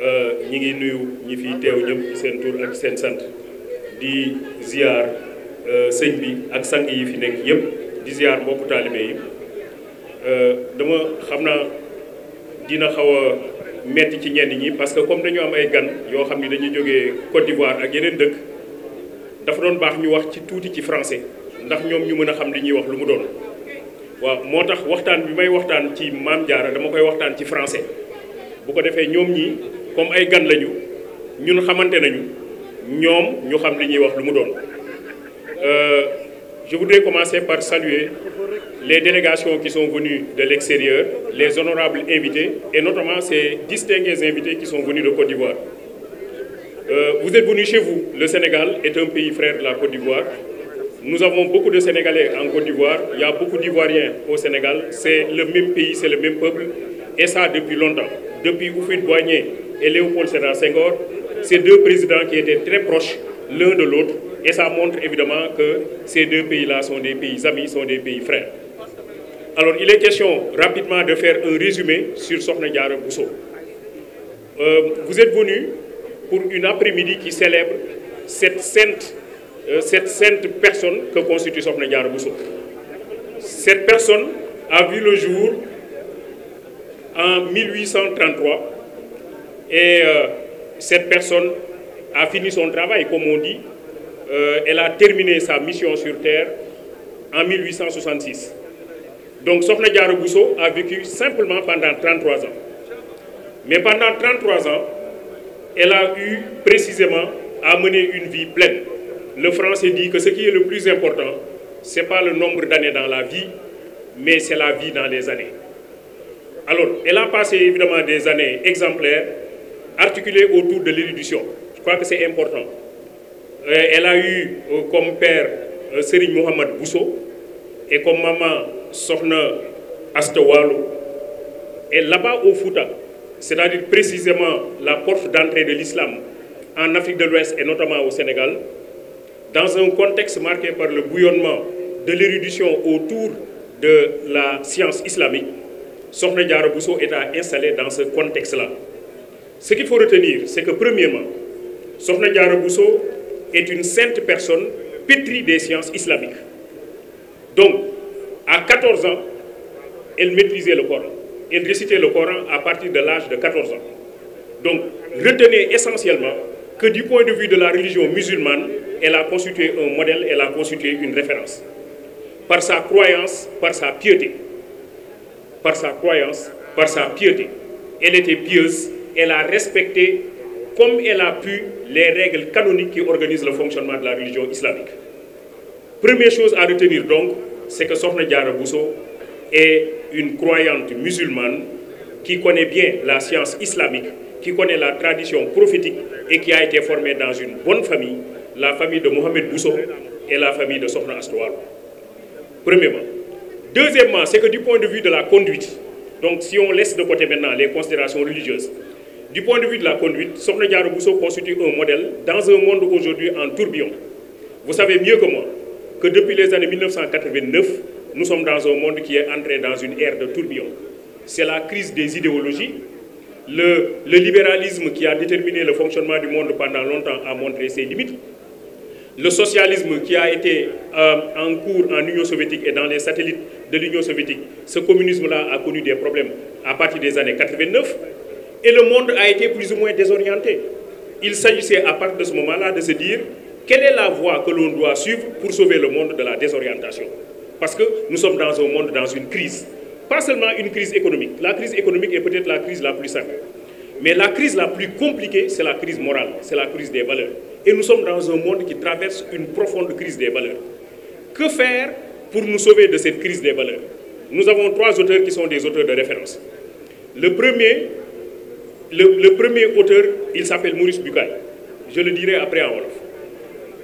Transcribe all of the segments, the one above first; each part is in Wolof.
Euh, ñi ngi nuyu ñi fi teew ñëpp seen tur ak seen sant di ziar euh, sëñ bi ak sang yi fi nekk yëpp di ziar mbokku taalibe yi euh, dama xam na dina xaw a metti ci ñenn ñi parce que comme dañu am ay gan yoo xam ni dañuy jógee Côte d'Ivoire ak yeneen dëkk dafa doon baax ñu wax ci tuuti ci français ndax ñoom ñu mën a xam li ñuy wax lu mu doon waaw moo tax waxtaan bi may waxtaan ci Maam Jaara dama koy waxtaan ci français bu ko defee ñoom ñi comme ay gan lañu ñun xamante nañu ñoom ñu xam li ñuy wax lu mu doon euh, je voudrais commencer par saluer les délégations qui sont venues de l'extérieur les honorables invités et notamment ces distingués invités qui sont venus de Côte d'Ivoire euh, vous êtes venus chez vous le Sénégal est un pays frère de la Côte d'Ivoire nous avons beaucoup de Sénégalais en Côte d'Ivoire il y a beaucoup d'Ivoiriens au Sénégal c'est le même pays c'est le même peuple et ça depuis longtemps depuis houphouët et Léopold Sédar Senghor, ces deux présidents qui étaient très proches l'un et ça montre évidemment que ces deux pays-là sont des pays amis, sont des pays frères. Alors, il est de faire un résumé sur Sokhna Diarra Bousso. Euh, vous êtes venu pour une après-midi qui célèbre cette sainte, euh, cette sainte personne que constitue Sokhna Diarra Bousso. personne a vu le jour en 1833 Et euh, cette personne a fini son travail, comme on dit. Euh, elle a terminé sa mission sur Terre en 1866. Donc Sokhna Diarra Bousso a vécu simplement pendant 33 ans. Mais pendant 33 ans, elle a eu précisément à mener une vie pleine. Le français le plus important, ce n'est le nombre d'années dans la vie, mais c'est la vie dans les années. Alors, elle a passé évidemment des années exemplaires articulée autour de l'éducation. Je crois que c'est important. Euh, elle a eu euh, comme père euh, Serigne Mohamed Bousso et comme maman Sokhna Astewalo. Et là-bas au Fouta, c'est-à-dire précisément la porte d'entrée de l'islam en Afrique de l'Ouest et notamment au Sénégal, dans un contexte marqué par le bouillonnement de l'érudition autour de la science islamique, Sokhna Diarra Bousso est installée dans ce contexte-là. Ce qu'il faut retenir, c'est que premièrement, Sokhna Diarra Bousso est une sainte personne pétrie des sciences islamiques. Donc, à 14 ans, elle maîtrisait le Coran. Elle récitait le Coran à partir de l'âge de 14 ans. Donc, retenez essentiellement que du point de vue de la religion musulmane, elle a constitué un modèle, elle a constitué une référence. Par sa croyance, par sa piété. Par sa par sa piété. Elle était pieuse, elle a respecté comme elle a pu les règles canoniques qui organisent le fonctionnement de la religion islamique. Première chose à retenir donc, c'est que Sokhna Diarra Bousso et une croyante musulmane qui connaît bien la science islamique, qui connaît la tradition prophétique et qui a été formée dans une bonne famille, la famille de Mohamed Bousso et la famille de Sokhna Astoual. Premièrement. Deuxièmement, c'est que du point de vue de la conduite, Du point it vue de la conduite, Sorna Diaro les années 1989, nous sommes dans un monde qui est entré des idéologies. Le, le libéralisme qui a déterminé le fonctionnement du monde pendant longtemps a montré ses limites. Le socialisme qui a été euh, en les satellites de l'Union soviétique, ce communisme-là a connu des problèmes à partir Et le monde a été plus ou moins désorienté. Il s'agissait à partir de ce moment-là de se dire quelle est la voie que l'on doit suivre pour sauver le monde de la désorientation. Parce que nous sommes dans un monde, dans une crise. Pas seulement une crise économique. La crise économique est peut-être la crise la plus simple. Mais la crise la plus compliquée, c'est la crise morale, c'est la crise des valeurs. Et nous sommes dans un monde qui traverse une profonde crise des valeurs. Que faire pour nous sauver de cette crise des de référence. Le premier, le, le premier auteur, il s'appelle Maurice Bucaille. Je le dirai après en Wolof.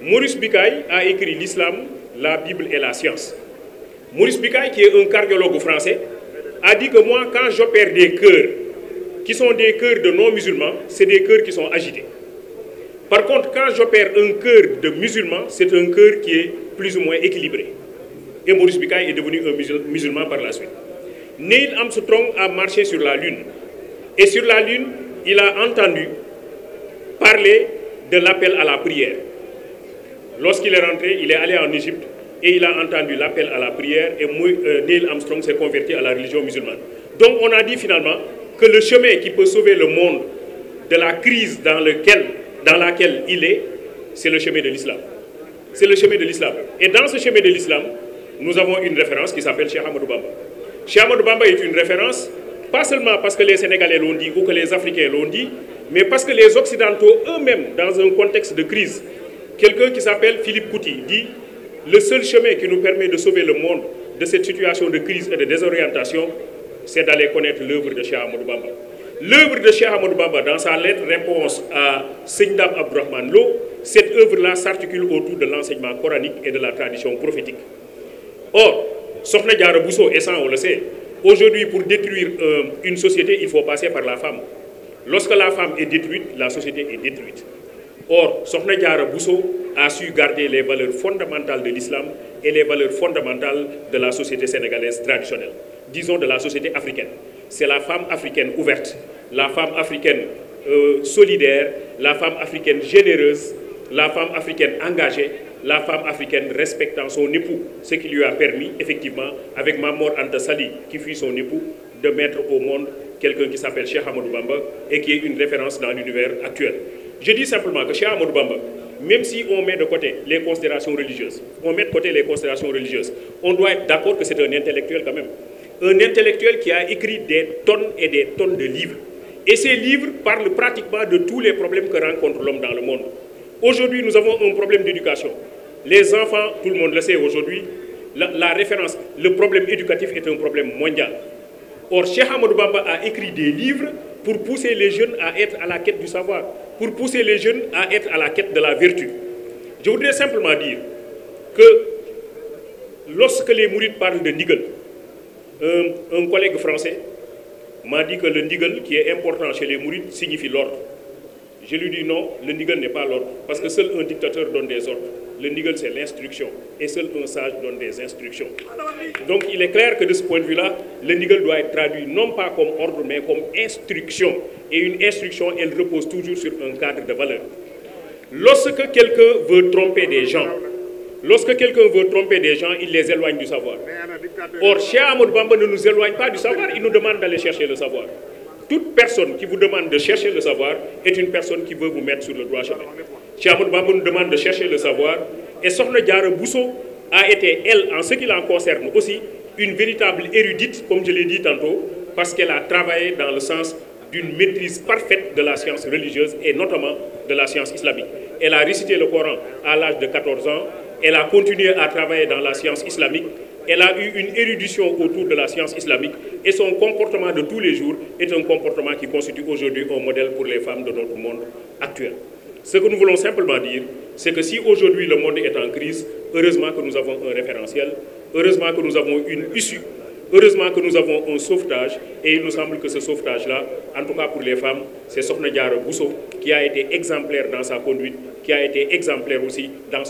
Maurice Bucaille a écrit l'islam, la Bible et la science. Maurice Bucaille, qui est un cardiologue français, a dit que moi, quand j'opère des cœurs qui sont des cœurs de non-musulmans, c'est des cœurs qui sont agités. Par contre, quand j'opère un cœur de musulman, c'est un cœur qui est plus ou moins équilibré. Et Maurice Bucaille est devenu un musulman par la suite. Neil Armstrong a marché sur la Lune. Et sur la Lune, il a entendu parler de l'appel à la prière. Lorsqu'il est rentré, il est allé en Égypte et il a entendu l'appel à la prière et euh, Neil Armstrong s'est converti à la religion musulmane. Donc on a dit finalement que le chemin qui peut sauver le monde de la crise dans, lequel, dans laquelle il est, c'est le chemin de l'islam. C'est le chemin de Et dans ce chemin de l'islam, nous avons une référence qui s'appelle Cheikh Amadou Bamba. Cheikh Amadou Bamba est une référence pas seulement parce que les Sénégalais l'ont dit ou que les Africains l'ont dit, mais parce que les Occidentaux eux-mêmes, dans un contexte de crise, quelqu'un qui s'appelle Philippe Couti dit « Le seul chemin qui nous permet de sauver le monde de cette situation de crise et de désorientation, c'est d'aller connaître l'œuvre de Cheikh Amadou Bamba. » L'œuvre de Cheikh Amadou Bamba, dans sa lettre réponse à Seignab Abdurrahman Lo, cette œuvre-là s'articule autour de l'enseignement coranique et de la Aujourd'hui, pour détruire euh, une société, il faut passer par la femme. Lorsque la femme est détruite, la société est détruite. Or, Sokhna Diarra Bousso a su garder les valeurs fondamentales de l'islam et les valeurs fondamentales de la société sénégalaise traditionnelle, disons de la société africaine. C'est la femme africaine ouverte, la femme africaine euh, solidaire, la femme africaine généreuse, la femme africaine engagée, la femme africaine respectant son époux, ce qui lui a permis, effectivement, avec Mamor Anta Sali, qui fut son époux, de mettre au monde quelqu'un qui s'appelle Cheikh Hamadou Bamba et qui est une référence dans l'univers actuel. Je dis simplement que Cheikh Hamadou Bamba, même si on met de côté les considérations religieuses, on met de les considérations religieuses, on doit être d'accord que c'est un intellectuel quand même. Un intellectuel qui a écrit des tonnes et des tonnes de livres. Et ces Aujourd'hui, nous avons un problème d'éducation. Les enfants, tout le monde le sait aujourd'hui, la, référence, le problème éducatif est un problème mondial. Or, Cheikh Hamadou Bamba a écrit des livres pour pousser les jeunes à être à la quête du savoir, pour pousser les jeunes à être à la quête de la vertu. Je voudrais simplement dire que lorsque les mourides parlent de Nigel, un, collègue français m'a dit que le Nigel, qui est important chez les mourides, Je lui dis non, le Nigel n'est pas l'ordre. Parce que seul un dictateur donne des ordres. Le Nigel, c'est l'instruction. Et seul un sage donne des instructions. Donc il est clair que de ce point de vue-là, le Nigel doit être traduit non pas comme ordre, mais comme instruction. Et une instruction, elle repose toujours sur un cadre de valeur. Lorsque quelqu'un veut tromper des gens, lorsque quelqu'un veut tromper des gens, il les éloigne du savoir. Or, Cheikh Amoud Bamba ne nous éloigne pas du le savoir. toute personne qui vous demande de chercher le savoir est une personne qui veut vous mettre sur le droit chemin. Cheikh Ahmadou Bamba nous demande de chercher le savoir et Sokhna Diarra Bousso a été, elle, en ce qui la concerne aussi, une véritable érudite, comme je l'ai dit tantôt, parce qu'elle a travaillé dans le sens d'une maîtrise parfaite de la science religieuse et notamment de la science islamique. Elle a récité le Coran à l'âge de 14 ans, elle a continué à travailler dans la science islamique Elle a eu une érudition autour de la science islamique et son comportement de tous les jours est un comportement qui constitue aujourd'hui un modèle pour les femmes de notre monde actuel. Ce que nous voulons simplement dire, c'est que si aujourd'hui le monde est en crise, heureusement que nous avons un référentiel, heureusement que nous avons un sauvetage, et il nous semble que ce sauvetage-là, en tout cas pour les femmes, c'est Sokhna Diarra qui a été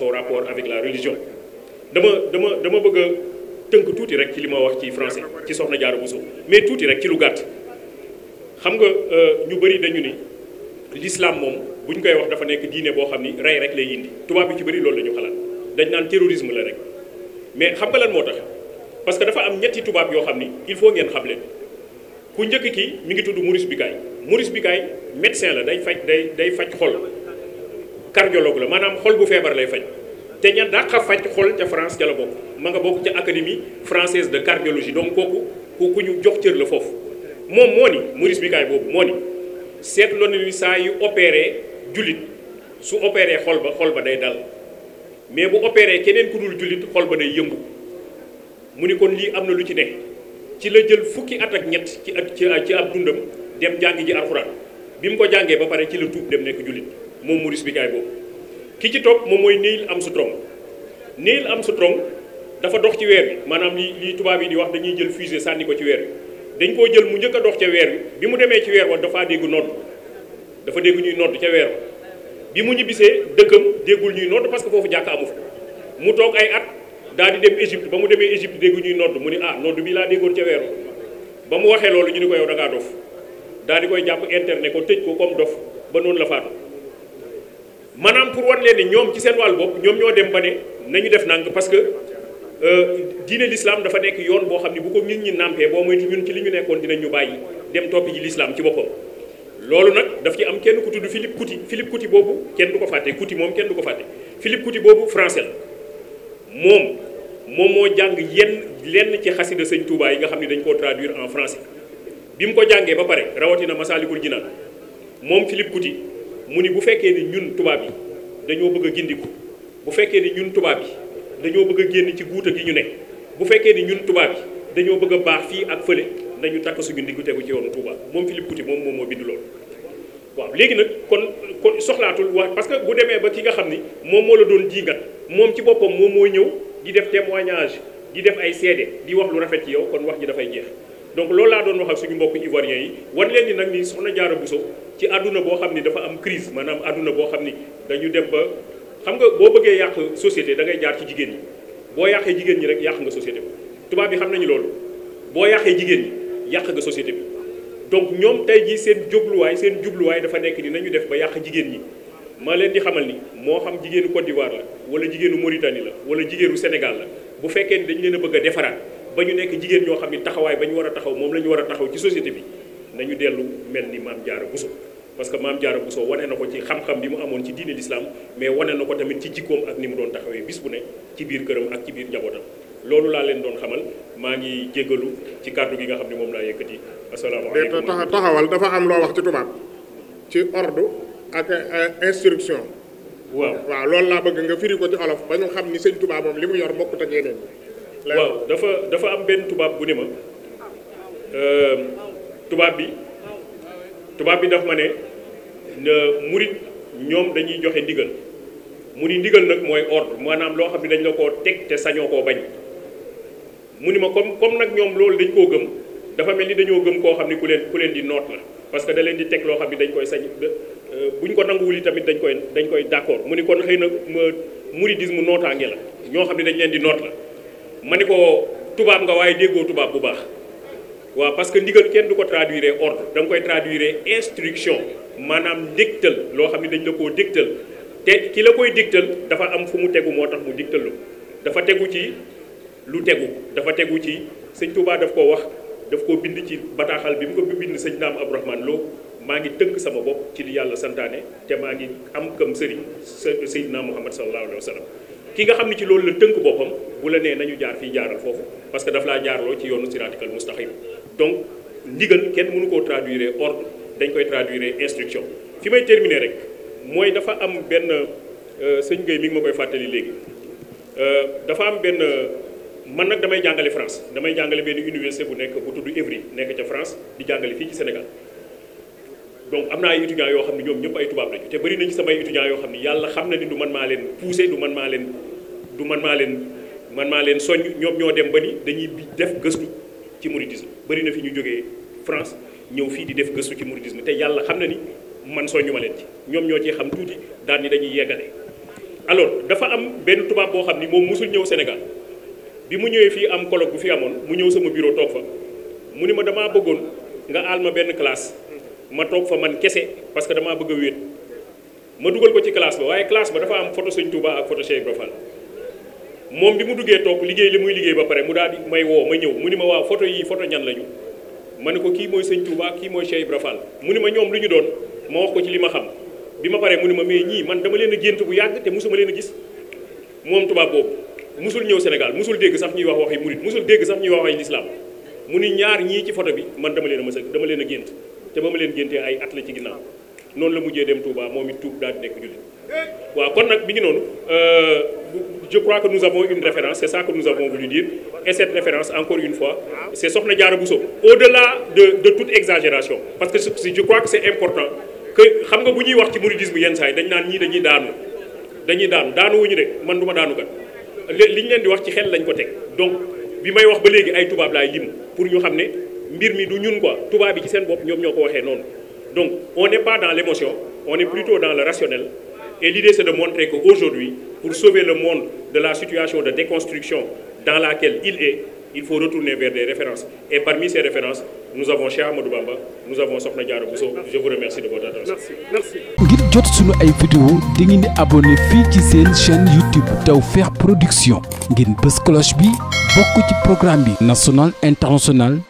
la religion. dama tënk tuuti rek ci li ma wax ci français ci soxna bu Bousso mais tuuti rek ci lu gàtt xam nga euh, ñu bëri dañu ni l'islam moom bu ñu koy wax dafa nekk diine boo xam ni rey rek lay indi tubaab bi ci bëri loolu la ñu xalaat dañ naan terrorisme la rek mais xam nga leen moo tax parce que dafa am ñetti tubaab yoo xam ni il faut ngeen xam leen ku njëkk ki mi ngi tudd Maurice Bucaille Maurice Bucaille médecin la day faj day day faj xol cardiologue la maanaam xol bu feebar lay faj te ña dàq a faj xol ca France ca la bokk ma nga bokk ca académie française de cardiologie donc kooku ku ku ñu jox cër la foofu moom moo ni Maurice Bucaille boobu moo ni seetlu na ni saa yu opéré jullit su opéré xol ba xol ba day dal mais bu opéré keneen ku dul jullit xol ba day yëngu mu ni kon lii am na lu ci ne ci la jël fukki at ak ñett ci at ci ab dundam dem jàngi ji alxuraan bi mu ko jàngee ba pare ci la tuub dem nekk jullit moom Maurice Bucaille boobu ki ci topp moom mooy am Neil Armstrong Neil Armstrong dafa dox ci weer bi maanaam li li tubaab yi di wax dañuy jël fusée sànni ko ci weer bi dañ koo jël mu njëkk a dox ca weer bi bi mu demee ci weer wa dafaa dégg nodd dafa dégg ñuy nodd ca weer bi mu ñibbisee dëkkam déggul ñuy nodd parce que foofu jàkk amu fa mu toog ay at daal di dem Égypte ba mu demee Égypte dégg ñuy nodd mu ni ah nodd bi laa déggoon ca weer ba mu waxee loolu ñu ni ko yow da ngaa dof daal di koy jàpp internet ko tëj ko comme dof ba noonu la faatu maanaam pour wan leen ne ñoom ci seen wàll bopp ñoom ñoo dem ba ne nañu def nang parce que euh, diine l'islam dafa nekk yoon boo xam ne bu ko nit ñi nàmpee boo moytu ñun ci li ñu nekkoon dinañu ñu bàyyi dem toppi ji l'islam ci boppam loolu nag daf ci am kenn ku tudd Philippe Couti Philippe Couti boobu kenn du ko fàtte Couti moom kenn du ko fàtte Philippe Couti boobu français la moom moom moo jàng yenn lenn ci xasida sëñ Touba yi nga xam ne dañ koo traduire en français bi mu ko jàngee ba pare rawatina Masaalikul Jinaan moom Philippe Couti mu ni bu fekkee ni ñun tubaab yi dañoo bëgg a gindiku bu fekkee ni ñun tubaab yi dañoo bëgg a génn ci guuta gi ñu ne bu fekkee ni ñun tubaab yi dañoo bëgg a baax fii ak fële nañu takk suñu ndiggu tegu ci yoonu Touba moom Philippe Couti moom moom moo bind loolu waaw léegi nag kon kon soxlaatul wax parce que bu demee ba ki nga xam ni moom moo la doon jiingat moom ci boppam moom moo ñëw di def témoignage di def ay seede di wax lu rafet ci yow kon wax ji dafay jeex donc loolu laa doon wax ak suñu mbokk ivoiriens yi wan leen ni nag ni soxna Diarra Bousso ci àdduna boo xam ni dafa am crise maanaam àdduna boo xam ni dañu dem ba xam nga boo bëggee yàq société da ngay jaar ci jigéen ñi boo yàqee jigéen ñi rek yàq nga société bi tubaab bi xam nañu loolu boo yàqee jigéen ñi yàq nga société bi donc ñoom tey jii seen jubluwaay seen jubluwaay dafa nekk ni nañu def ba yàq jigéen ñi ma leen di xamal ni moo xam jigéenu Côte waar la wala jigéenu Mauritanie la wala jigéenu Sénégal la bu fekkee ni dañu leen a bëgg a defaraat ba ñu nekk jigéen ñoo xam ni taxawaay ba ñu war a taxaw moom la ñu war a taxaw ci société bi nañu dellu mel ni maam Jaara Buso parce que maam Jaara Buso wane na ko ci xam-xam bi mu amoon ci diine lislaam mais wane na ko tamit ci jikkoom ak ni mu taxawee bis bu ne ci biir këram ak ci biir njabootam loolu laa leen doon xamal maa ngi jéggalu ci kàddu gi nga xam ne moom laa yëkkati asalaamaaleykum taxawal dafa am loo wax ci tubaab ci ordre ak euh, instruction waaw loolu laa bëgg nga firi ko ci olof ba ñu xam ni sëñ tubaab moom li mu yor bokkut ak yeneen waaw dafa dafa am benn tubaab bu ni ma euh, tubaab bi tubaab bi dafa ma ne na murit ñoom dañuy joxe ndigal mu ni ndigal nag mooy ordre maanaam loo xam ne dañ la koo teg te sañoo ko bañ mu ni ma comme comme nag ñoom loolu dañ koo gëm dafa mel ni dañoo gëm koo xam ne ku leen ku leen di noot la parce que da leen di teg loo xam ne dañ koy sañ euh, buñ ko nanguwul yi tamit dañ koy dañ koy d'accord mu ni kon xëy na euh, muridisme nootaange la ñoo xam ne dañ leen di noot la ma ni ko tubaab nga waaye déggoo tubaab bu baax waaw parce que ndigal kenn du ko traduire ordre da koy traduire instruction maanaam ndégtal loo xam ne dañ la koo dégtal te ki la koy dégtal dafa am fu mu tegu moo tax mu dégtal dafa tegu ci lu tegu dafa tegu ci sëñ Touba daf koo wax daf koo bind ci bataaxal bi mu ko bind sëñ Naam Abdourahmane loo maa ngi tënk sama bopp ci li yàlla santaane te maa ngi am comme sëriñ Seydina Muhammad sallallahu alayhi wa sallam ki nga xam ne ci loolu la tënk boppam bu la nee nañu jaar fii jaaral foofu parce que daf laa jaarloo ci yoonu siraatikal mustaqim donc ndigal kenn mënu koo traduire ordre dañ koy traduire instruction fi may terminer rek mooy dafa am benn euh, sëñ Gueye mi ma koy fàttali léegi euh, dafa am benn man nag damay jàngale France damay jàngale benn université bu nekk bu tudd Évry nekk ca France di jàngale fii ci Sénégal donc am naa ay étudiants yoo xam ne ñoom ñëpp ay tubaab lañu te bëri yoo xam xam na ni du maa leen poussé du man maa leen du man maa leen man maa leen soññ ñoom ñoo dem ba ni dañuy def gëstu ci mouridisme bëri na fi ñu jógee France ñëw fii di def gëstu ci mouridisme te yàlla xam na ni man soññu ma leen ci ñoom ñoo ci xam tuuti daal ni dañuy yeggale. alors dafa am benn tubaab boo xam ni moom mosul ñëw senegal bi mu ñëwee fii am colloque bu fi amoon mu ñëw sama biro toog fa mu ni ma damaa bëggoon nga aal ma benn classe ma toog fa man kese parce que damaa bëgg a wéet ma dugal ko ci classe ba waaye classe dafa am photo Sëñ Touba ak moom bi mu duggee toog liggéey li muy liggéey ba pare mu daal di may woo ma ñëw mu ni ma waaw photo yi photo ñan lañu ma ne ko kii mooy sëñ Touba kii mooy Cheikh Ibra mu ni ma ñoom lu ñu doon ma wax ko ci li ma xam bi ma paree mu ni ma mais ñii man dama leen a gént bu yàgg te mosuma leen gis moom tubaab boobu musul ñëw Sénégal musul dégg sax ñuy wax waxi murit musul dégg sax ñuy wax waxi lislaam mu ni ñaar ñii ci photo bi man dama leen a mës dama leen a gént te ba ma leen géntee ay at la ci ginnaaw noonu la mujjee dem Touba moom it tuub daal di nekk waaw kon nag bi ngi noonu euh, je crois que nous avons une référence c'est ça que nous avons voulu dire et cette référence encore une fois c'est jaar Diarra Bousso au-delà de de toute exagération parce que je crois que c'est important que xam nga bu ñuy wax ci mouridisme yenn saa yi dañ naan ñii dañuy daanu dañuy daanu daanu wuñu de man du ma daanu kat li ñu leen di wax ci xel lañ ko teg donc bi may wax ba léegi ay tubaab laay lim pour ñu xam ne mbir mi du ñun quoi tubaab bi ci seen bopp ñoom ñoo ko waxee noonu donc on n'est pas dans l'émotion on Et l'idée, c'est de montrer qu'aujourd'hui, pour sauver le monde de la situation de déconstruction dans laquelle il est, il faut retourner vers des références. Et parmi ces références, nous avons Cheikh Amadou ngir jot sunu ay vidéo di ngeen abonné fii ci seen chaîne YouTube Tawfekh Production ngeen bës cloche bi bokk ci programme bi national international